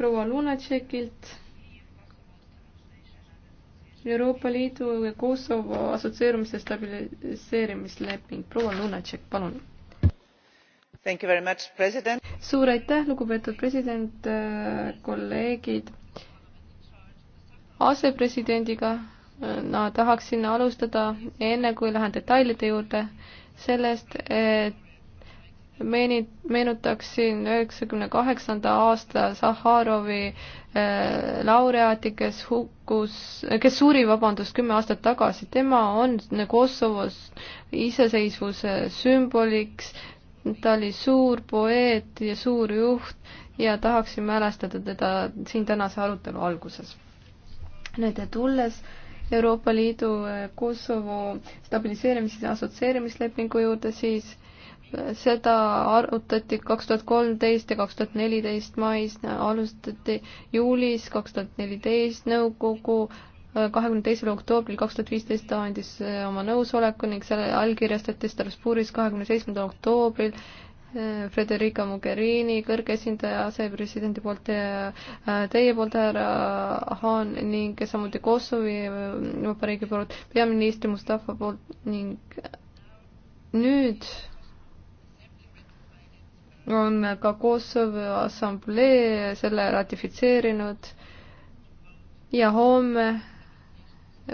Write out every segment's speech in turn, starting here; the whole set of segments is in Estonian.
proua Lunatšekilt Euroopa Liidu ja Kosovo assotsieerumise stabiliseerimisleping. proua Lunatšek, palun. suur aitäh, lugupeetud president, äh, kolleegid. asepresidendiga no, äh, tahaksin alustada, enne kui lähen detailide juurde, sellest, et meeni-, meenutaksin üheksakümne kaheksanda aasta Sahharovi äh, laureaati, kes hukkus, kes suri, vabandust, kümme aastat tagasi. tema on nagu Kosovos iseseisvuse sümboliks, ta oli suur poeet ja suur juht ja tahaksin mälestada teda siin tänase arutelu alguses. nüüd tulles Euroopa Liidu äh, Kosovo stabiliseerimis- ja assotsieerimislepingu juurde, siis seda arutati kaks tuhat kolmteist ja kaks tuhat neliteist mais, alustati juulis kaks tuhat neliteist nõukogu kahekümne teisel oktoobril kaks tuhat viisteist ta andis oma nõusoleku ning selle allkirjastati Strasbourgis kahekümne seitsmendal oktoobril Frederica Mogherini, kõrge esindaja, asepresidendi poolt ja äh, teie poolt, härra Haan ning samuti Kosovi äh, Vabariigi poolt, peaministri Mustafa poolt ning nüüd on ka Kosovo Assamblee selle ratifitseerinud ja homme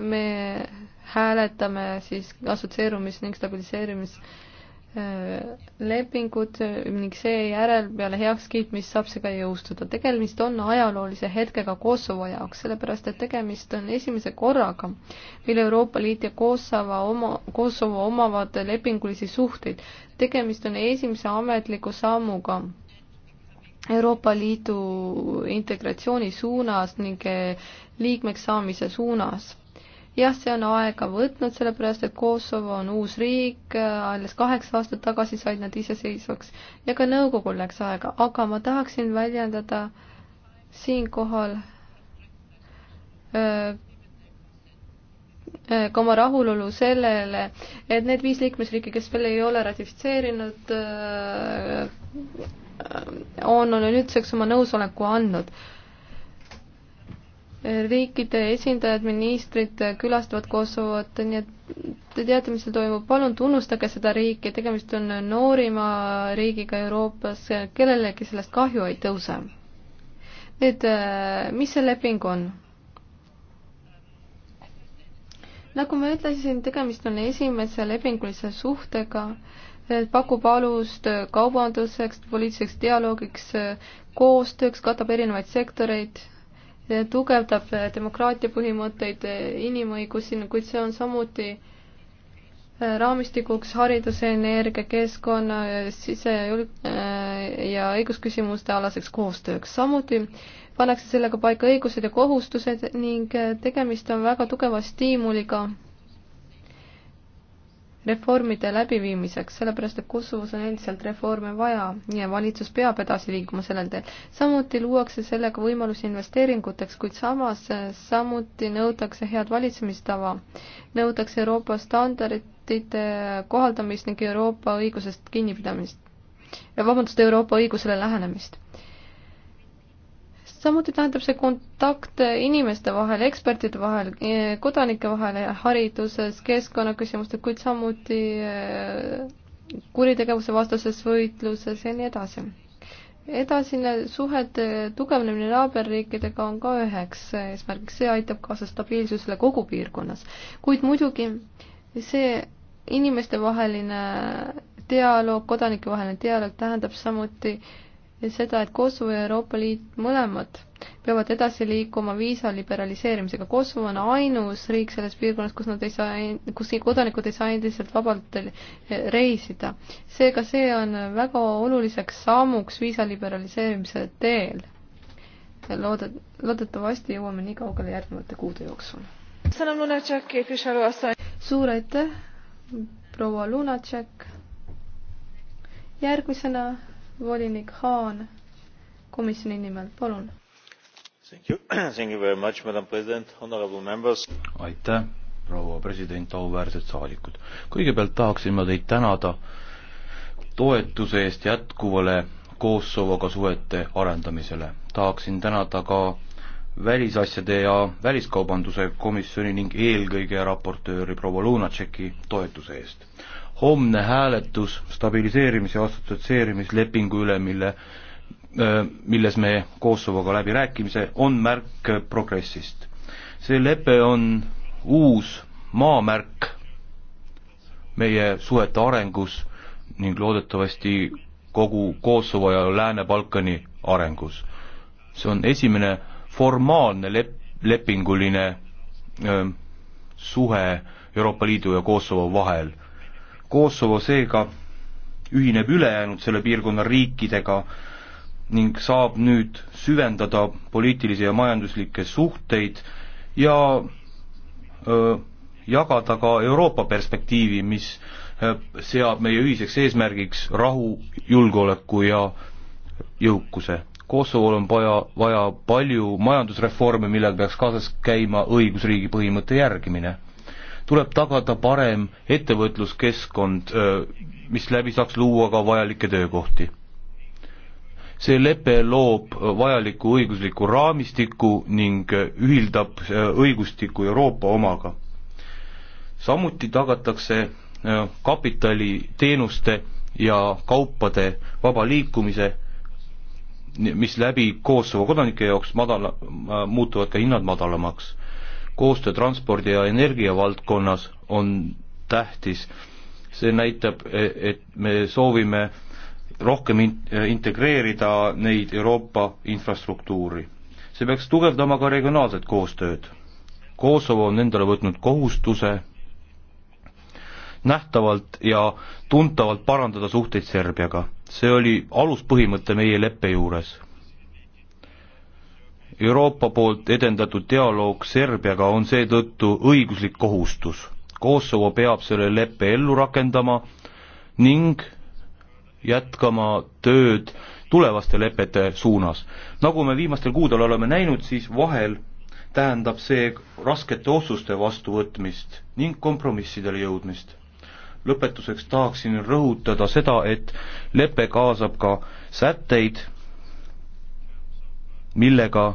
me hääletame siis assotsieerumis ning stabiliseerimis- lepingud ning seejärel peale heakskiitmist saab see ka jõustuda. tegemist on ajaloolise hetkega Kosovo jaoks, sellepärast et tegemist on esimese korraga, mil Euroopa Liit ja Kosovo oma, Kosovo omavad lepingulisi suhteid. tegemist on esimese ametliku sammuga Euroopa Liidu integratsiooni suunas ning liikmeks saamise suunas jah, see on aega võtnud, sellepärast et Kosovo on uus riik, alles kaheksa aastat tagasi said nad iseseisvaks ja ka nõukogul läks aega, aga ma tahaksin väljendada siinkohal ka oma rahulolu sellele, et need viis liikmesriiki, kes veel ei ole ratifitseerinud, on, on nüüdseks oma nõusoleku andnud riikide esindajad, ministrid külastavad Kosovot, nii et te teate, mis seal toimub, palun tunnustage seda riiki, tegemist on noorima riigiga Euroopas, kellelegi sellest kahju ei tõuse. nüüd, äh, mis see leping on? nagu ma ütlesin, tegemist on esimese lepingulise suhtega, pakub alust kaubanduseks, poliitiliseks dialoogiks, koostööks, katab erinevaid sektoreid tugevdab demokraatia põhimõtteid, inimõigusi, kuid see on samuti äh, raamistikuks hariduse, energia, keskkonna, sise- äh, ja õigusküsimuste alaseks koostööks. samuti pannakse sellega paika õigused ja kohustused ning äh, tegemist on väga tugeva stiimuliga reformide läbiviimiseks, sellepärast et Kosovos on endiselt reforme vaja ja valitsus peab edasi liikuma sellel teel. samuti luuakse sellega võimalusi investeeringuteks, kuid samas eh, samuti nõutakse head valitsemistava, nõutakse Euroopa standardite kohaldamist ning Euroopa õigusest kinnipidamist, vabandust, Euroopa õigusele lähenemist samuti tähendab see kontakt inimeste vahel, ekspertide vahel, eh, kodanike vahel eh, hariduses, keskkonnaküsimustes, kuid samuti eh, kuritegevuse vastases võitluses ja nii edasi. edasine suhete tugevnemine naaberriikidega on ka üheks eesmärgiks, see aitab kaasa stabiilsusele kogu piirkonnas. kuid muidugi see inimestevaheline dialoog, kodanikevaheline dialoog tähendab samuti äh, seda, et Kosovo ja Euroopa Liit mõlemad peavad edasi liikuma viisa liberaliseerimisega. Kosovo on ainus riik selles piirkonnas, kus nad ei saa, kus kodanikud ei saa endiselt vabalt reisida. seega see on väga oluliseks sammuks viisa liberaliseerimise teel. loodet-, loodetavasti jõuame nii kaugele järgnevate kuude jooksul. suur aitäh, proua Lunatšek. järgmisena volinik Haan komisjoni nimel, palun. aitäh, proua president, auväärsed saadikud. kõigepealt tahaksin ma teid tänada toetuse eest jätkuvale Kosovoga suhete arendamisele. tahaksin tänada ka välisasjade ja väliskaubanduse komisjoni ning eelkõige raportööri proua Lunatšeki toetuse eest homne hääletus stabiliseerimis- ja assotsieerimislepingu üle, mille, milles me Kosovoga läbirääkimise, on märk progressist. see lepe on uus maamärk meie suhete arengus ning loodetavasti kogu Kosovo ja Lääne-Balkani arengus. see on esimene formaalne lep-, lepinguline öö, suhe Euroopa Liidu ja Kosovo vahel Kosovo seega ühineb ülejäänud selle piirkonna riikidega ning saab nüüd süvendada poliitilisi ja majanduslikke suhteid ja öö, jagada ka Euroopa perspektiivi, mis seab meie ühiseks eesmärgiks rahu, julgeoleku ja jõukuse. Kosovol on vaja, vaja palju majandusreforme, millel peaks kaasas käima õigusriigi põhimõtte järgimine tuleb tagada parem ettevõtluskeskkond, mis läbi saaks luua ka vajalikke töökohti. see lepe loob vajaliku õigusliku raamistiku ning ühildab õigustiku Euroopa omaga. samuti tagatakse kapitali, teenuste ja kaupade vaba liikumise, mis läbi Kosovo kodanike jaoks madala, muutuvad ka hinnad madalamaks koostöö transpordi ja energia valdkonnas on tähtis. see näitab, e-, et me soovime rohkem in-, e-, integreerida neid Euroopa infrastruktuuri. see peaks tugevdama ka regionaalset koostööd. Kosovo on endale võtnud kohustuse nähtavalt ja tuntavalt parandada suhteid Serbiaga. see oli aluspõhimõte meie leppe juures. Euroopa poolt edendatud dialoog Serbiaga on seetõttu õiguslik kohustus. Kosovo peab selle leppe ellu rakendama ning jätkama tööd tulevaste lepete suunas. nagu me viimastel kuudel oleme näinud, siis vahel tähendab see raskete otsuste vastuvõtmist ning kompromissidele jõudmist. lõpetuseks tahaksin rõhutada seda, et lepe kaasab ka sätteid, millega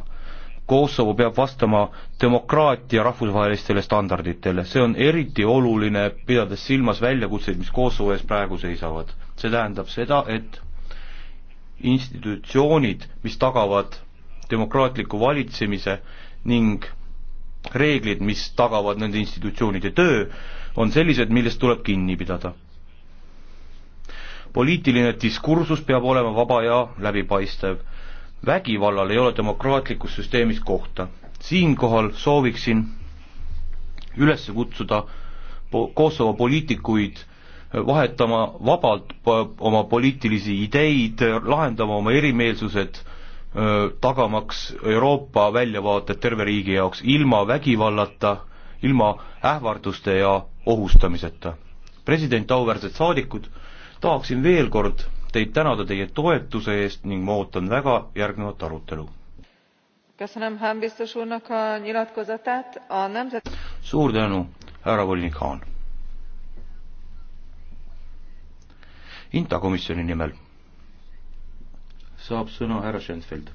Kosovo peab vastama demokraatia rahvusvahelistele standarditele, see on eriti oluline, pidades silmas väljakutseid, mis Kosovo ees praegu seisavad. see tähendab seda, et institutsioonid, mis tagavad demokraatliku valitsemise ning reeglid, mis tagavad nende institutsioonide töö, on sellised, millest tuleb kinni pidada. poliitiline diskursus peab olema vaba ja läbipaistev vägivallal ei ole demokraatlikus süsteemis kohta. siinkohal sooviksin üles kutsuda Kosovo poliitikuid vahetama vabalt oma poliitilisi ideid, lahendama oma erimeelsused, tagamaks Euroopa väljavaated terve riigi jaoks ilma vägivallata, ilma ähvarduste ja ohustamiseta. president, auväärsed saadikud, tahaksin veel kord teid tänada teie toetuse eest ning ma ootan väga järgnevat arutelu. suur tänu, härra volinik Haan. Inta komisjoni nimel saab sõna härra Schenfeld.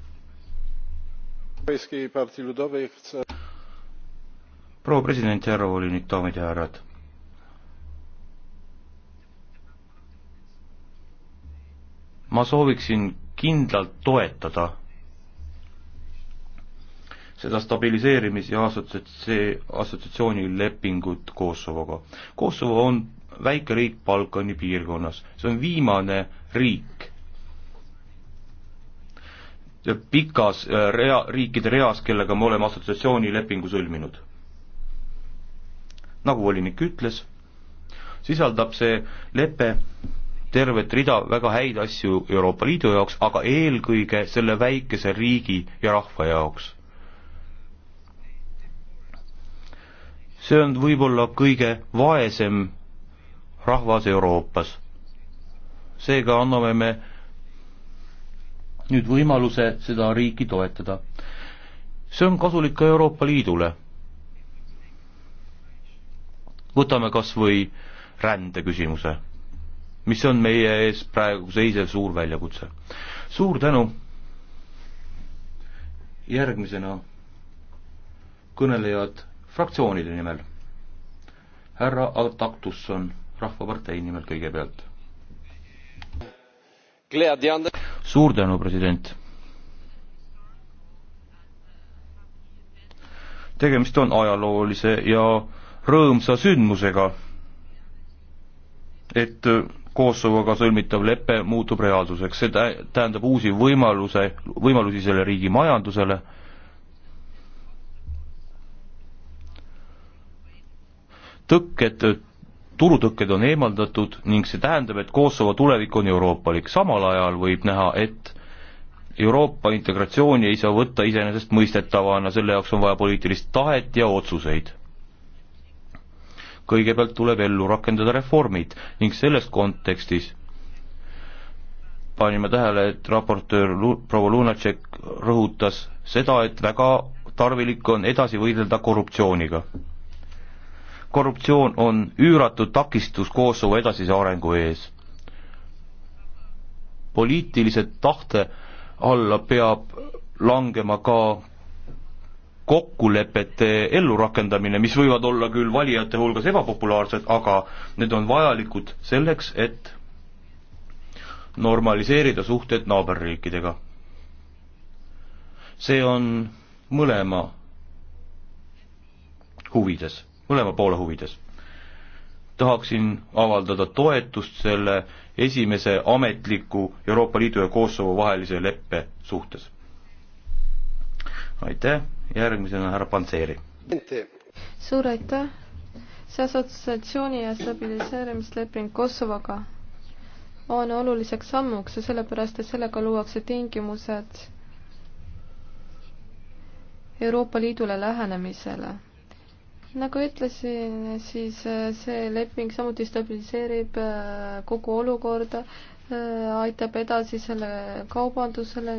proua president, härra volinik, daamid ja härrad ma sooviksin kindlalt toetada seda stabiliseerimis- ja assotsiatsi-, assotsiatsioonilepingut Kosovoga. Kosovo on väike riik Balkani piirkonnas, see on viimane riik pikas äh, rea, riikide reas, kellega me oleme assotsiatsioonilepingu sõlminud. nagu volinik ütles, sisaldab see lepe tervet rida väga häid asju Euroopa Liidu jaoks, aga eelkõige selle väikese riigi ja rahva jaoks. see on võib-olla kõige vaesem rahvas Euroopas. seega anname me nüüd võimaluse seda riiki toetada. see on kasulik ka Euroopa Liidule. võtame kas või rändeküsimuse mis on meie ees praegu seisev suur väljakutse. suur tänu. järgmisena kõnelejad fraktsioonide nimel. härra Altaktusson Rahvapartei nimel kõigepealt. suur tänu, president. tegemist on ajaloolise ja rõõmsa sündmusega, et Kosovoga sõlmitav lepe muutub reaalsuseks, see tähendab uusi võimaluse, võimalusi selle riigi majandusele, tõkked, turutõkked on eemaldatud ning see tähendab, et Kosovo tulevik on euroopalik, samal ajal võib näha, et Euroopa integratsiooni ei saa võtta iseenesestmõistetavana, selle jaoks on vaja poliitilist tahet ja otsuseid kõigepealt tuleb ellu rakendada reformid ning selles kontekstis panime tähele, et raportöör Lu-, proua Lunatšek rõhutas seda, et väga tarvilik on edasi võidelda korruptsiooniga. korruptsioon on üüratud takistus Kosovo edasise arengu ees. poliitilise tahte alla peab langema ka kokkulepete ellurakendamine, mis võivad olla küll valijate hulgas ebapopulaarsed, aga need on vajalikud selleks, et normaliseerida suhted naaberriikidega. see on mõlema huvides, mõlema poole huvides. tahaksin avaldada toetust selle esimese ametliku Euroopa Liidu ja Kosovo vahelise leppe suhtes. aitäh! järgmisena härra Pantseri. suur aitäh. see assotsiatsiooni ja stabiliseerimisleping Kosovoga on oluliseks sammuks ja sellepärast, et sellega luuakse tingimused Euroopa Liidule lähenemisele. nagu ütlesin, siis see leping samuti stabiliseerib äh, kogu olukorda aitab edasisele kaubandusele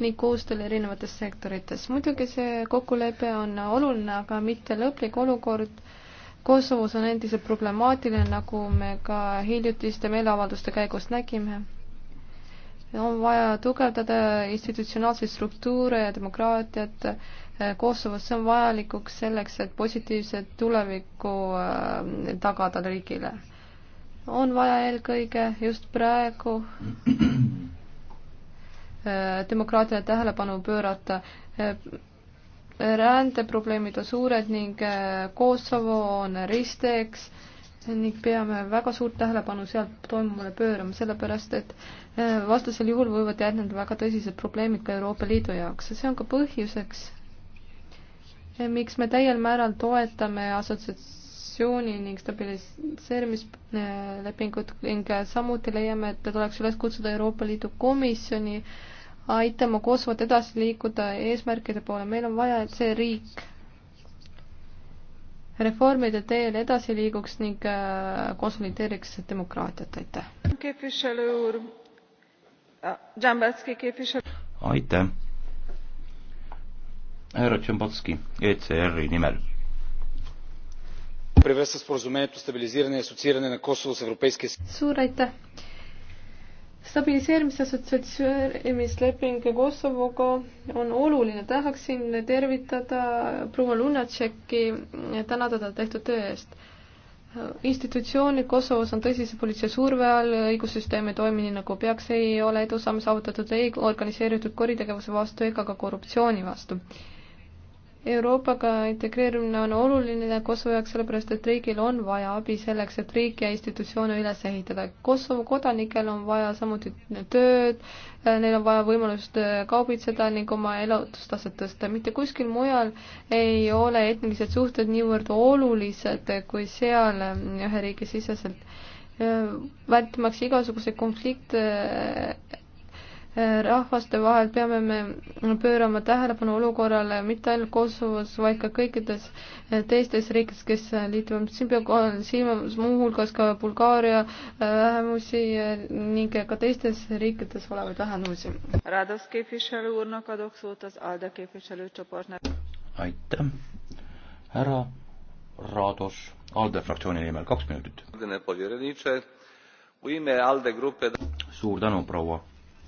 ning koostööle erinevates sektorites. muidugi see kokkulepe on oluline, aga mitte lõplik olukord. Kosovos on endiselt problemaatiline, nagu me ka hiljutiste meeleavalduste käigus nägime on vaja tugevdada institutsionaalseid struktuure ja demokraatiat eh, Kosovos, see on vajalikuks selleks, et positiivset tulevikku eh, tagada riigile on vaja eelkõige just praegu äh, demokraatiale tähelepanu pöörata. Äh, rändeprobleemid on suured ning äh, Kosovo on risteeks ning peame väga suurt tähelepanu sealt toimuvale pöörama, sellepärast et vastasel juhul võivad järgneda väga tõsised probleemid ka Euroopa Liidu jaoks ja see on ka põhjuseks, miks me täiel määral toetame assotsiatsiooni stabilisatsiooni ning stabiliseerimislepingut ning samuti leiame, et tuleks üles kutsuda Euroopa Liidu komisjoni aitama Kosovot edasi liikuda eesmärkide poole, meil on vaja, et see riik reformide teel edasi liiguks ning äh, konsolideeriks demokraatiat, aitäh. aitäh. härra Tšambatski ECR-i nimel приветствам споразумението стабилизиране и асоцииране на Kosovo с Европейския съюз. Suur aitäh! stabiliseerimis- ja assotsieerimisleping Kosovoga on oluline. tahaksin tervitada proua Lunatšeki ja tänada teda tehtud töö eest. institutsioonid Kosovos on tõsise politsei surve all, õigussüsteem ei toimi nii nagu peaks, ei ole edusamme saavutatud ei organiseeritud kuritegevuse vastu ega ka korruptsiooni vastu Euroopaga integreerumine on oluline Kosovo jaoks sellepärast, et riigil on vaja abi selleks, et riik ja institutsioone üles ehitada. Kosovo kodanikel on vaja samuti tööd, neil on vaja võimalust äh, kaubitseda ning oma elatustaset tõsta. mitte kuskil mujal ei ole etnilised suhted niivõrd olulised kui seal äh, ühe riigi siseselt. Äh, vältimaks igasuguseid konflikte rahvaste vahel peame me pöörama tähelepanu olukorrale mitte ainult Kosovos, vaid ka kõikides eh, teistes riikides, kes liituvad. siin peab silmas muuhulgas ka Bulgaaria eh, vähemusi eh, ning ka teistes riikides olevaid vähemusi. aitäh, härra Rados, ALDE fraktsiooni nimel kaks minutit. suur tänu, proua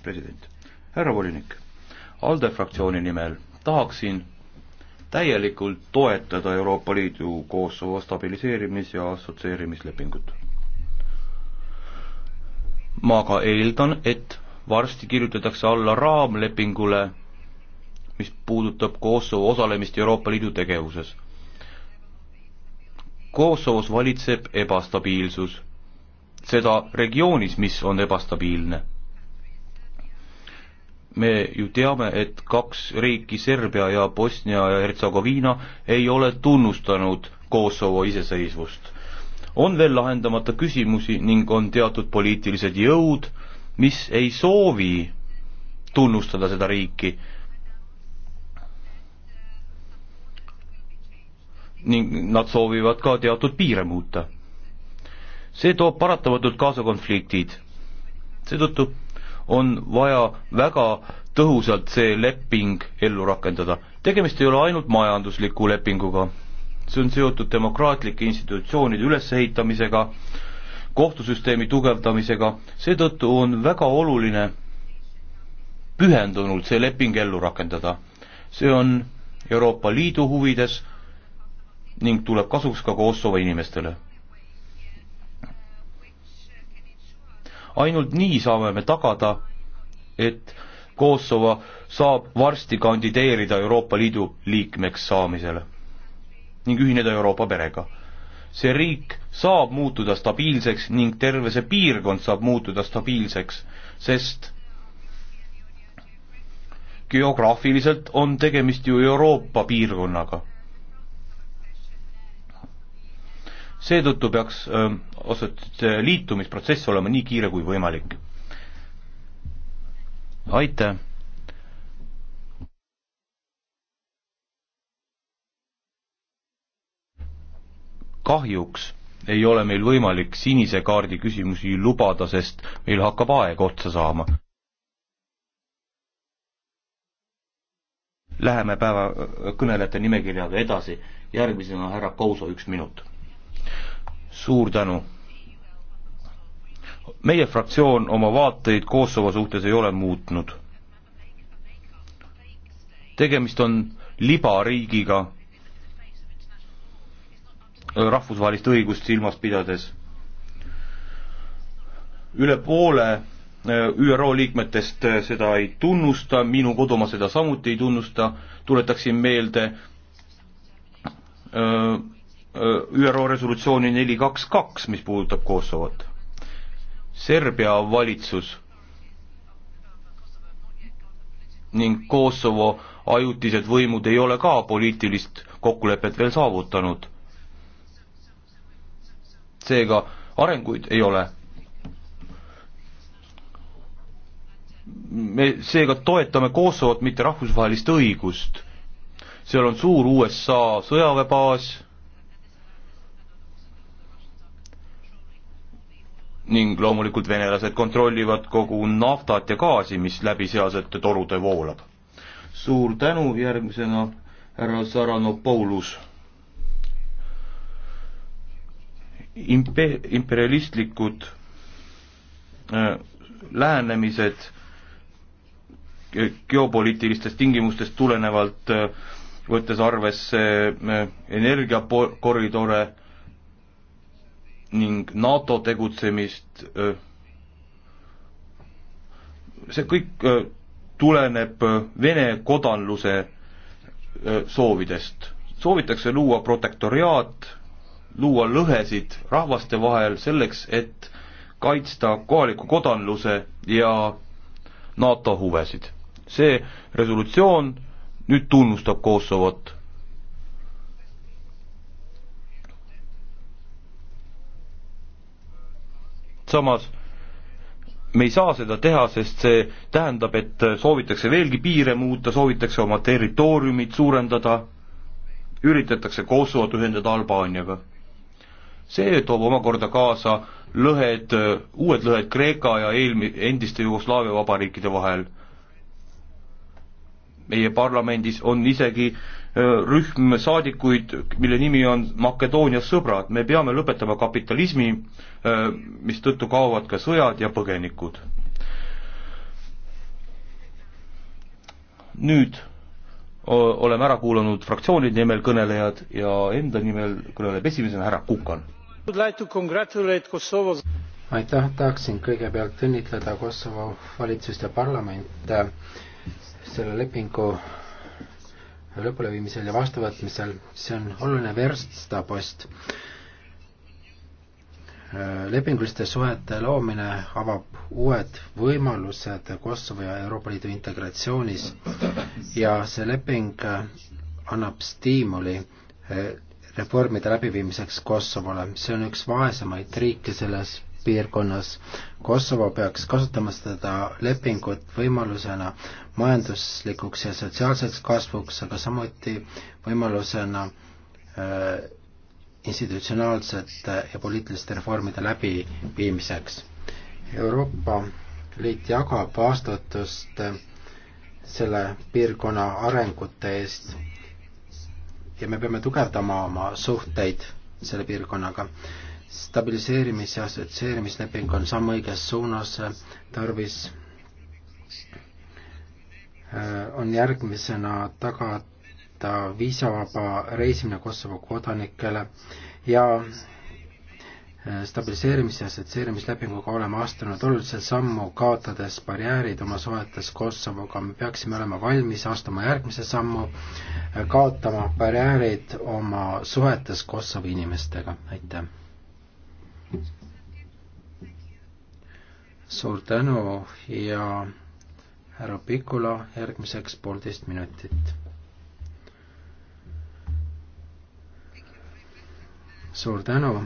president, härra volinik, ALDE fraktsiooni nimel tahaksin täielikult toetada Euroopa Liidu Kosovo stabiliseerimis- ja assotsieerimislepingut. ma ka eeldan, et varsti kirjutatakse alla raamlepingule, mis puudutab Kosovo osalemist Euroopa Liidu tegevuses. Kosovos valitseb ebastabiilsus, seda regioonis, mis on ebastabiilne me ju teame, et kaks riiki, Serbia ja Bosnia ja Hertsegoviina, ei ole tunnustanud Kosovo iseseisvust. on veel lahendamata küsimusi ning on teatud poliitilised jõud, mis ei soovi tunnustada seda riiki. ning nad soovivad ka teatud piire muuta. see toob paratamatult kaasa konfliktid. seetõttu on vaja väga tõhusalt see leping ellu rakendada. tegemist ei ole ainult majandusliku lepinguga, see on seotud demokraatlike institutsioonide ülesehitamisega, kohtusüsteemi tugevdamisega, seetõttu on väga oluline pühendunult see leping ellu rakendada. see on Euroopa Liidu huvides ning tuleb kasuks ka Kosovo inimestele ainult nii saame me tagada, et Kosovo saab varsti kandideerida Euroopa Liidu liikmeks saamisele ning ühineda Euroopa perega. see riik saab muutuda stabiilseks ning terve see piirkond saab muutuda stabiilseks, sest geograafiliselt on tegemist ju Euroopa piirkonnaga seetõttu peaks ähm, osalt liitumisprotsess olema nii kiire kui võimalik. aitäh! kahjuks ei ole meil võimalik sinise kaardi küsimusi lubada, sest meil hakkab aeg otsa saama. Läheme päeva kõnelejate nimekirjaga edasi, järgmisena härra Kauso, üks minut suur tänu. meie fraktsioon oma vaateid Kosovo suhtes ei ole muutnud. tegemist on libariigiga, äh, rahvusvahelist õigust silmas pidades. üle poole äh, ÜRO liikmetest äh, seda ei tunnusta, minu kodumaa seda samuti ei tunnusta, tuletaksin meelde öö, Äh, ÜRO resolutsiooni neli kaks kaks, mis puudutab Kosovot. Serbia valitsus ning Kosovo ajutised võimud ei ole ka poliitilist kokkulepet veel saavutanud. seega arenguid ei ole. me seega toetame Kosovot, mitte rahvusvahelist õigust. seal on suur USA sõjaväebaas ning loomulikult venelased kontrollivad kogu naftat ja gaasi, mis läbi sealsete torude voolab. suur tänu, järgmisena härra Saranopoulos. Impe-, imperialistlikud äh, lähenemised geopoliitilistest tingimustest tulenevalt äh,, võttes arvesse äh, energiakoridore äh,, ning NATO tegutsemist, see kõik tuleneb Vene kodanluse soovidest. soovitakse luua protektoriaat, luua lõhesid rahvaste vahel selleks, et kaitsta kohaliku kodanluse ja NATO huvesid. see resolutsioon nüüd tunnustab Kosovot samas me ei saa seda teha, sest see tähendab, et soovitakse veelgi piire muuta, soovitakse oma territooriumit suurendada, üritatakse Kosovot ühendada Albaaniaga. see toob omakorda kaasa lõhed, uued lõhed Kreeka ja eelmi-, endiste Jugoslaavia vabariikide vahel meie parlamendis on isegi rühm saadikuid, mille nimi on Makedoonia sõbrad, me peame lõpetama kapitalismi, mistõttu kaovad ka sõjad ja põgenikud. nüüd oleme ära kuulanud fraktsioonide nimel kõnelejad ja enda nimel kõneleb esimesena härra Kukan. aitäh, tahaksin kõigepealt õnnitleda Kosovo valitsust ja parlamente selle lepingu lõpuleviimisel ja vastuvõtmisel, see on oluline verstapost. lepinguliste suhete loomine avab uued võimalused Kosovo ja Euroopa Liidu integratsioonis ja see leping annab stiimuli eh, reformide läbiviimiseks Kosovole. see on üks vaesemaid riike selles piirkonnas. Kosovo peaks kasutama seda lepingut võimalusena majanduslikuks ja sotsiaalseks kasvuks, aga samuti võimalusena äh, institutsionaalsete ja poliitiliste reformide läbiviimiseks. Euroopa Liit jagab vastutust äh, selle piirkonna arengute eest ja me peame tugevdama oma suhteid selle piirkonnaga. stabiliseerimis- ja assotsieerimisleping on samm õiges suunas äh, tarvis Äh, on järgmisena tagada viisavaba reisimine Kosovo kodanikele ja äh, stabiliseerimis- ja assotsieerimislepinguga oleme astunud olulise sammu, kaotades barjäärid oma suhetes Kosovoga. me peaksime olema valmis astuma järgmise sammu, äh, kaotama barjäärid oma suhetes Kosovo inimestega. aitäh! suur tänu ja härra Pikula järgmiseks poolteist minutit. suur tänu.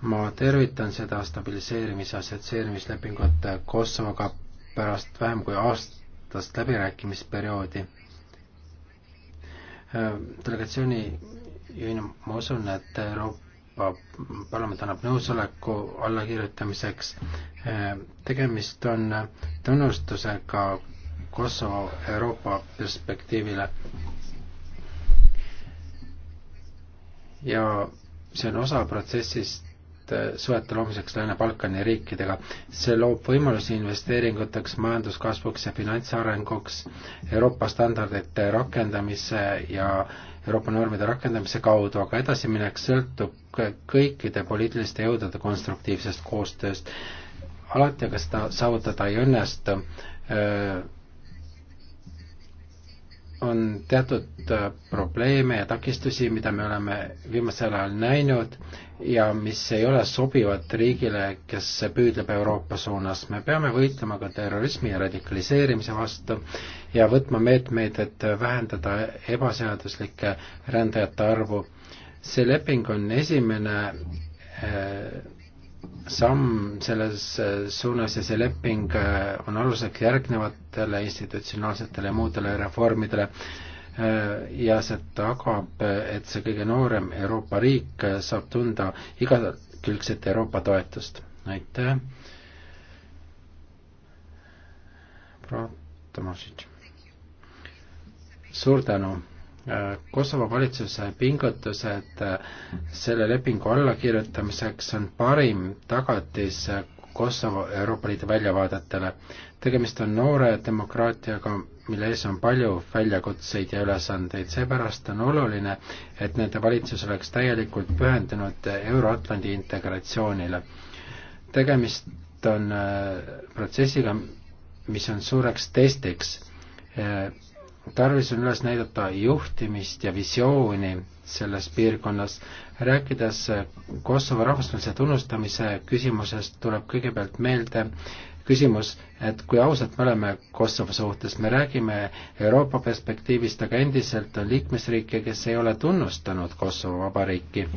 ma tervitan seda stabiliseerimise assotsieerimislepingut Kosovoga pärast vähem kui aastast läbirääkimisperioodi. Äh, delegatsiooni juhina ma usun, et Euroopa Euroopa Parlament annab nõusoleku allakirjutamiseks. Eh, tegemist on tunnustusega Kosovo Euroopa perspektiivile. ja see on osa protsessist eh, suhete loomiseks Lääne-Balkani riikidega. see loob võimalusi investeeringuteks, majanduskasvuks ja finantsarenguks, Euroopa standardite rakendamise ja äh, Euroopa normide rakendamise kaudu, aga edasiminek sõltub kõikide poliitiliste jõudude konstruktiivsest koostööst. alati aga seda saavutada ei õnnestu. on teatud probleeme ja takistusi, mida me oleme viimasel ajal näinud ja mis ei ole sobivad riigile, kes püüdleb Euroopa suunas. me peame võitlema ka terrorismi ja radikaliseerimise vastu ja võtma meetmeid, et vähendada ebaseaduslike rändajate arvu. see leping on esimene eh, samm selles eh, suunas ja see leping eh, on aluseks järgnevatele institutsionaalsetele ja muudele reformidele ja see tagab, et see kõige noorem Euroopa riik saab tunda igakülgset Euroopa toetust. aitäh. proua Tomašitš suur tänu. Äh, Kosovo valitsuse pingutused äh, selle lepingu allakirjutamiseks on parim tagatis äh, Kosovo Euroopa Liidu väljavaadetele. tegemist on noore demokraatiaga, mille ees on palju väljakutseid ja ülesandeid, seepärast on oluline, et nende valitsus oleks täielikult pühendunud Euro-Atlandi integratsioonile. tegemist on protsessiga, mis on suureks testiks tarvis on üles näidata juhtimist ja visiooni selles piirkonnas. rääkides Kosovo rahvusvahelise tunnustamise küsimusest, tuleb kõigepealt meelde küsimus, et kui ausad me oleme Kosovo suhtes, me räägime Euroopa perspektiivist, aga endiselt on liikmesriike, kes ei ole tunnustanud Kosovo vabariiki.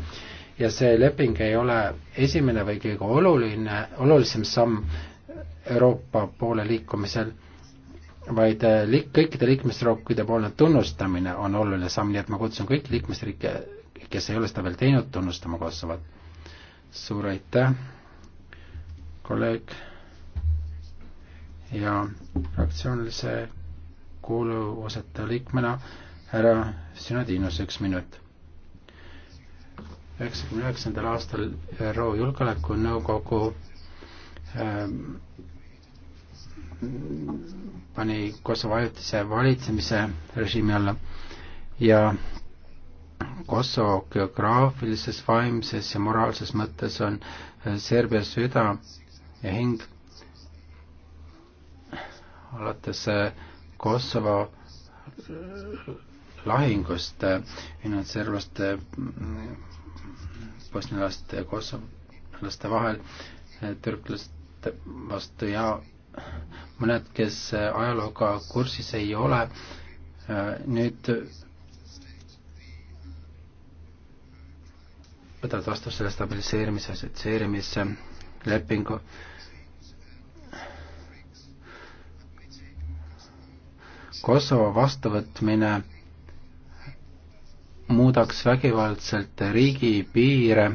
ja see leping ei ole esimene või kõige oluline, olulisem samm Euroopa poole liikumisel vaid äh, lik-, kõikide liikmesriikide poolne tunnustamine on oluline samm, nii et ma kutsun kõiki liikmesriike, kes ei ole seda veel teinud, tunnustama Kosovot. suur aitäh, kolleeg ja fraktsioonilise kuuluvuseta liikmena härra Sünadinos, üks minut. üheksakümne üheksandal aastal ÜRO Julgeolekunõukogu ähm, pani Kosovo ajutise valitsemise režiimi alla ja Kosovo geograafilises, vaimses ja moraalses mõttes on äh, Serbia süda ja hing alates äh, Kosovo äh, lahingust viinud servlaste, mm, bosnialaste ja kosovolaste vahel türklaste vastu ja mõned, kes äh, ajalooga kursis ei ole, äh, nüüd võtavad vastu selle stabiliseerimise, assotsieerimise lepingu. Kosovo vastuvõtmine muudaks vägivaldselt riigi piire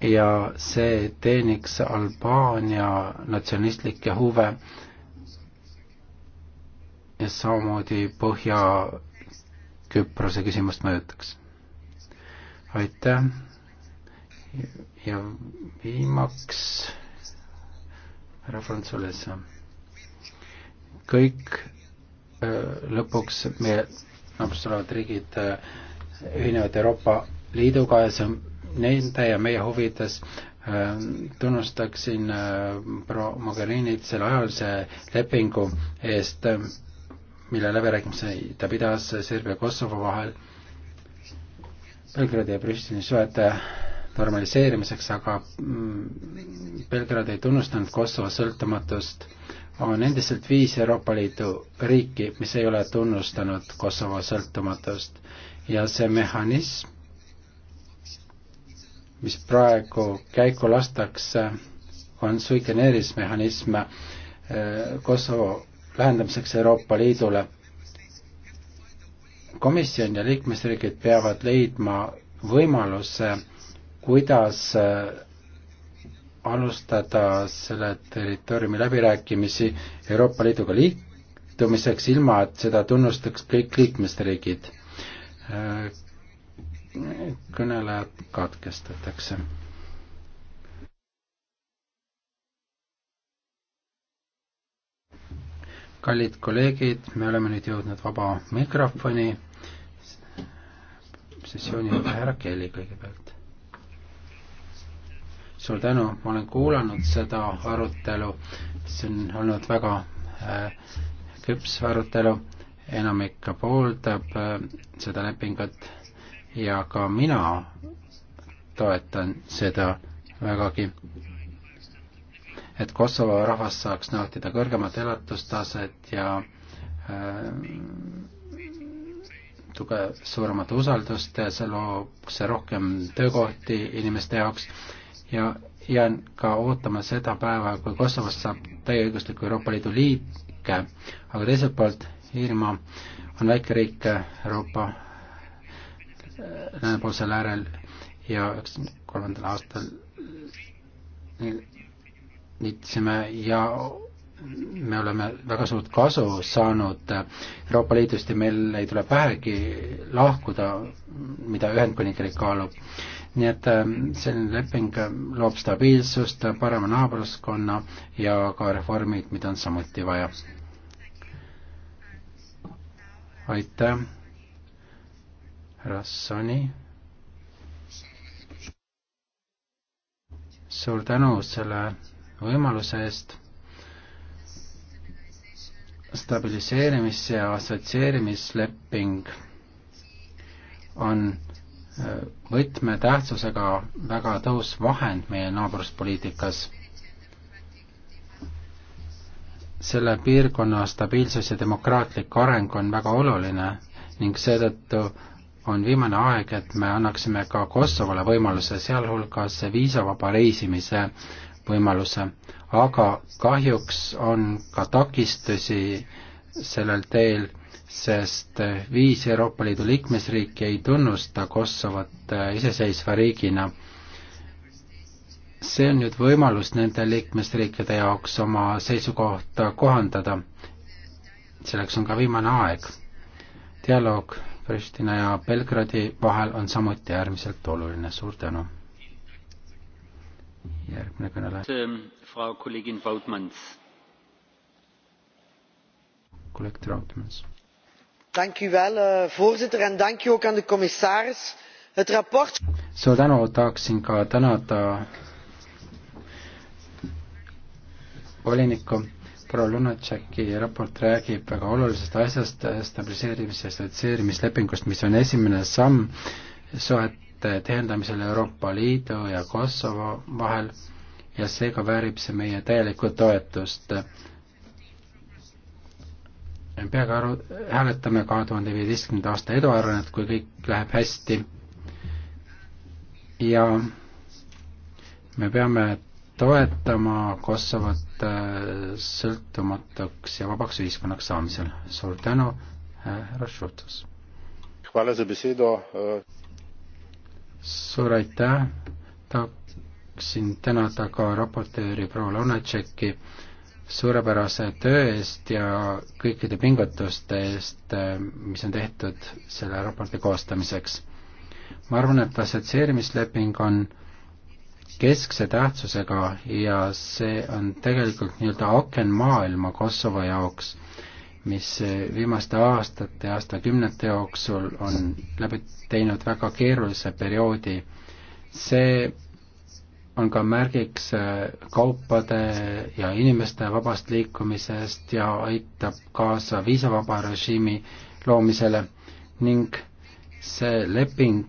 ja see teeniks Albaania natsionalistlikke huve ja samamoodi Põhja-Küprose küsimust mõjutaks. aitäh ja viimaks härra Frantsulesse. kõik äh, lõpuks meie naabrust olevad riigid äh, ühinevad Euroopa Liiduga ja see on nende ja meie huvides äh, tunnustaksin äh, proua Mogherinit selle ajalise lepingu eest, äh, mille läbirääkimisi ta pidas Serbia ja Kosovo vahel Belgradi ja Brüsseli suhete normaliseerimiseks, aga mm, Belgrad ei tunnustanud Kosovo sõltumatust. on endiselt viis Euroopa Liidu riiki, mis ei ole tunnustanud Kosovo sõltumatust ja see mehhanism, mis praegu käiku lastakse, on suikeneerimismehhanism äh, Kosovo lähendamiseks Euroopa Liidule. komisjon ja liikmesriigid peavad leidma võimaluse, kuidas äh, alustada selle territooriumi läbirääkimisi Euroopa Liiduga liitumiseks, ilma et seda tunnustaks kõik liikmesriigid äh, kõnelejad katkestatakse. kallid kolleegid, me oleme nüüd jõudnud vaba mikrofoni sessiooni juurde, härra Kelly kõigepealt. suur tänu, ma olen kuulanud seda arutelu, see on olnud väga äh, küps arutelu, enamik pooldab äh, seda lepingut ja ka mina toetan seda vägagi, et Kosovo rahvas saaks nautida kõrgemat elatustaset ja äh, tugev, suuremat usaldust, see looks rohkem töökohti inimeste jaoks ja jään ka ootama seda päeva, kui Kosovost saab täieõigusliku Euroopa Liidu liige, aga teiselt poolt Iirimaa on väike riik Euroopa läänepoolsel äärel ja üheksakümne kolmandal aastal liitusime ja me oleme väga suurt kasu saanud Euroopa Liidust ja meil ei tule pähegi lahkuda, mida Ühendkuningriik kaalub. nii et ähm, selline leping loob stabiilsust, parema naabruskonna ja ka reformid, mida on samuti vaja. aitäh! Rassoni. suur tänu selle võimaluse eest. stabiliseerimis- ja assotsieerimisleping on äh, võtmetähtsusega väga tõhus vahend meie naabruspoliitikas. selle piirkonna stabiilsus ja demokraatlik areng on väga oluline ning seetõttu on viimane aeg, et me annaksime ka Kosovole võimaluse, sealhulgas viisavaba reisimise võimaluse, aga kahjuks on ka takistusi sellel teel, sest viis Euroopa Liidu liikmesriiki ei tunnusta Kosovot iseseisva riigina. see on nüüd võimalus nende liikmesriikide jaoks oma seisukohta kohandada. selleks on ka viimane aeg. dialoog Pristina ja Belgradi vahel on samuti äärmiselt oluline, suur tänu. järgmine kõneleja. Äh, kolleeg Trautmans. Dank u wel, eh, voorzitter, en dank u ook aan de commissaris. Het rapport. suur tänu, tahaksin ka tänada volinikku proua Lunatšeki raport räägib väga olulisest asjast, stabiliseerimis- ja assotsieerimislepingust, mis on esimene samm suhete tihendamisel Euroopa Liidu ja Kosovo vahel ja seega väärib see meie täielikku toetust. peaaegu aru, hääletame kahe tuhande viieteistkümnenda aasta eduaruannet, kui kõik läheb hästi ja me peame toetama Kosovot äh, sõltumatuks ja vabaks ühiskonnaks saamisel. suur tänu, härra Šultus! Äh. suur aitäh, tahaksin tänada ka raportööri proua Lunatšeki suurepärase töö eest ja kõikide pingutuste eest, äh, mis on tehtud selle raporti koostamiseks. ma arvan, et assotsieerimisleping on keskse tähtsusega ja see on tegelikult nii-öelda aken maailma Kosovo jaoks, mis viimaste aastate, aastakümnete jooksul on läbi teinud väga keerulise perioodi. see on ka märgiks äh, kaupade ja inimeste vabast liikumisest ja aitab kaasa viisavaba režiimi loomisele ning see leping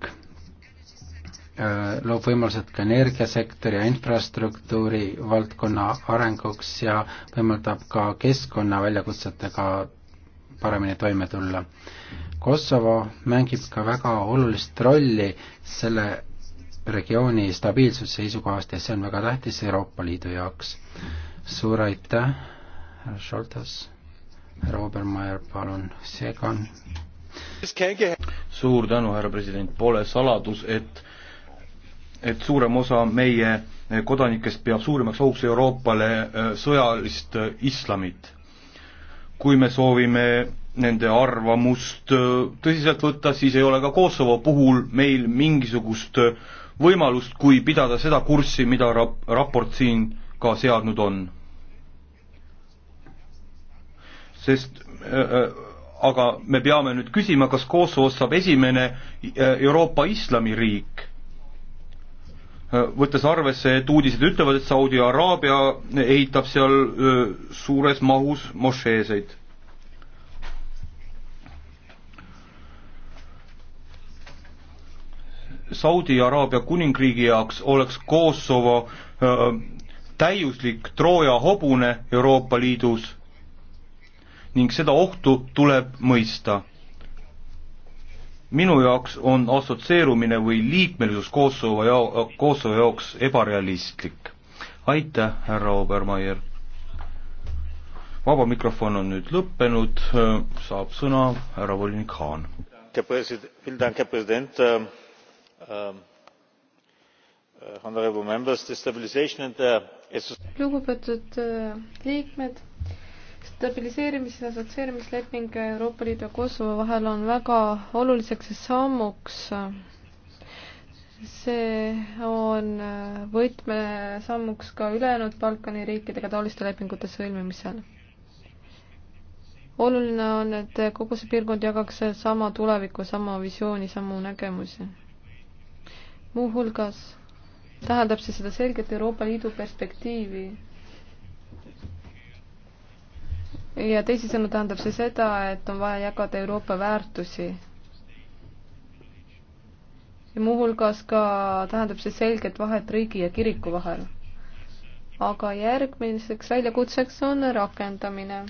Äh, loob võimalused ka energiasektori ja infrastruktuuri valdkonna arenguks ja võimaldab ka keskkonna väljakutsetega paremini toime tulla. Kosovo mängib ka väga olulist rolli selle regiooni stabiilsuse seisukohast ja see on väga tähtis Euroopa Liidu jaoks. suur aitäh, härra Šoltas, härra Obermeier, palun, seega on suur tänu, härra president, pole saladus, et et suurem osa meie kodanikest peab suurimaks ohuks Euroopale äh, sõjalist äh, islamit. kui me soovime nende arvamust äh, tõsiselt võtta, siis ei ole ka Kosovo puhul meil mingisugust võimalust, kui pidada seda kurssi, mida rap-, raport siin ka seadnud on. sest äh, aga me peame nüüd küsima, kas Kosovost saab esimene Euroopa islamiriik Äh, võttes arvesse, et uudised ütlevad, et Saudi Araabia ehitab seal äh, suures mahus mošeeseid. Saudi Araabia kuningriigi jaoks oleks Kosovo äh, täiuslik Trooja hobune Euroopa Liidus ning seda ohtu tuleb mõista minu jaoks on assotsieerumine või liikmelisus Kosovo ja-, Kosovo jaoks ebarealistlik. aitäh, härra Obermeier. vaba mikrofon on nüüd lõppenud, saab sõna härra volinik Haan. Ähm, ähm, äh, lugupeetud äh, liikmed stabiliseerimis- ja assotsieerimisleping Euroopa Liidu ja Kosovo vahel on väga oluliseks sammuks. see on võtmesammuks ka ülejäänud Balkani riikidega taoliste lepingute sõlmimisel. oluline on, et kogu see piirkond jagaks sama tulevikku, sama visiooni, samu nägemusi. muuhulgas tähendab see seda selget Euroopa Liidu perspektiivi ja teisisõnu tähendab see seda, et on vaja jagada Euroopa väärtusi. ja muuhulgas ka tähendab see selget vahet riigi ja kiriku vahel. aga järgmiseks väljakutseks on rakendamine.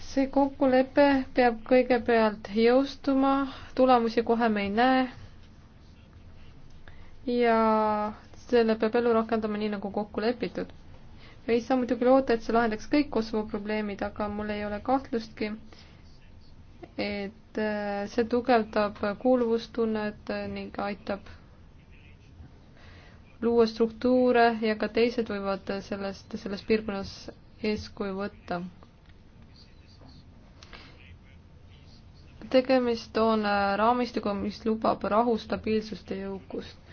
see kokkulepe peab kõigepealt jõustuma, tulemusi kohe me ei näe. ja selle peab ellu rakendama nii, nagu kokku lepitud ei saa muidugi loota, et see lahendaks kõik Kosovo probleemid, aga mul ei ole kahtlustki, et äh, see tugevdab kuuluvustunnet äh, ning aitab luua struktuure ja ka teised võivad sellest, selles piirkonnas eeskuju võtta. tegemist on äh, raamistikuga, mis lubab rahu, stabiilsust ja jõukust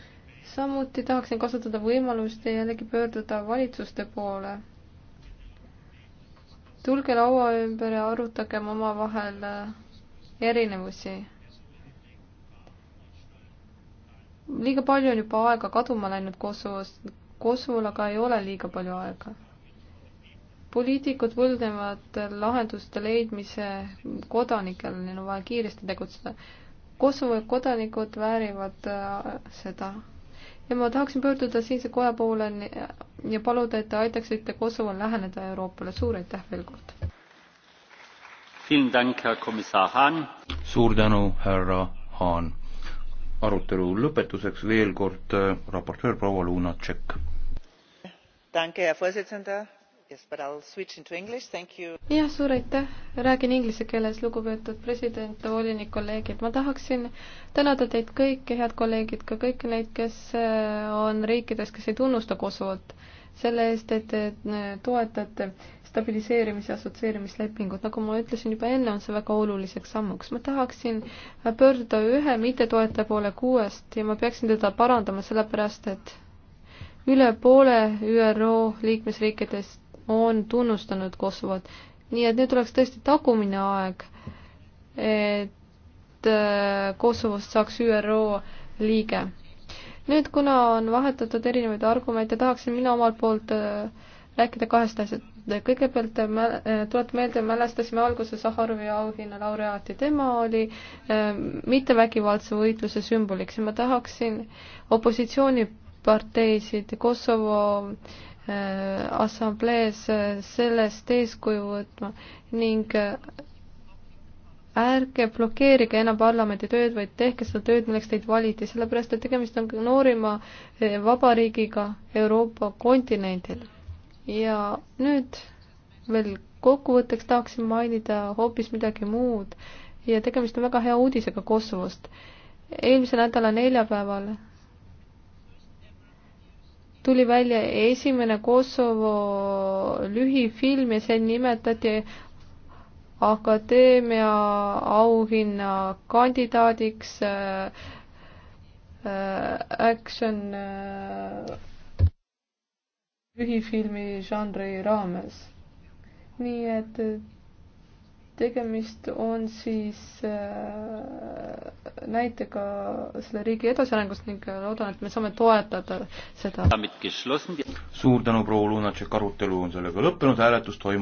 samuti tahaksin kasutada võimalust ja jällegi pöörduda valitsuste poole. tulge laua ümber ja arutagem omavahel äh, erinevusi. liiga palju on juba aega kaduma läinud Kosovos, Kosovol aga ei ole liiga palju aega. poliitikud võlgnevad lahenduste leidmise kodanikele, neil on vaja kiiresti tegutseda. Kosovo kodanikud väärivad äh, seda ja ma tahaksin pöörduda siinse koja poole ja paluda, et te aitaksite Kosovol läheneda Euroopale. suur aitäh veel kord! suur tänu, härra Haan! arutelu lõpetuseks veel kord äh, raportöör proua Luna Tšekk jah, suur aitäh, räägin inglise keeles, lugupeetud president, volinik, kolleegid, ma tahaksin tänada teid kõiki, head kolleegid, ka kõiki neid, kes äh, on riikides, kes ei tunnusta Kosovot, selle eest, et te äh, toetate stabiliseerimis- ja assotsieerimislepingut, nagu ma ütlesin juba enne, on see väga oluliseks sammuks. ma tahaksin äh, pöörduda ühe mittetoetaja poole kuuest ja ma peaksin teda parandama, sellepärast et üle poole ÜRO liikmesriikidest on tunnustanud Kosovot. nii et nüüd oleks tõesti tagumine aeg, et äh, Kosovost saaks ÜRO liige. nüüd, kuna on vahetatud erinevaid argumente, tahaksin mina omalt poolt äh, rääkida kahest asjast. kõigepealt äh, tuleb meelde, mälestasime alguses Saharovi auhinna laureaati, tema oli mittevägivaldse võitluse sümboliks ja ma tahaksin opositsiooniparteisid Kosovo Äh, assamblees äh, sellest eeskuju võtma ning äh, ärge blokeerige enam parlamendi tööd, vaid tehke seda tööd, milleks teid valiti, sellepärast et tegemist on noorima vabariigiga Euroopa kontinendil. ja nüüd veel kokkuvõtteks tahaksin mainida hoopis midagi muud ja tegemist on väga hea uudisega Kosovost. eelmise nädala neljapäeval tuli välja esimene Kosovo lühifilm ja see nimetati akadeemia auhinna kandidaadiks äh, äh action äh, lühifilmi žanri raames. nii et äh, tegemist on siis äh, näitega selle riigi edasiarengust ning loodan, et me saame toetada seda. suur tänu, proua Lunatšek, arutelu on sellega lõppenud, hääletus toimub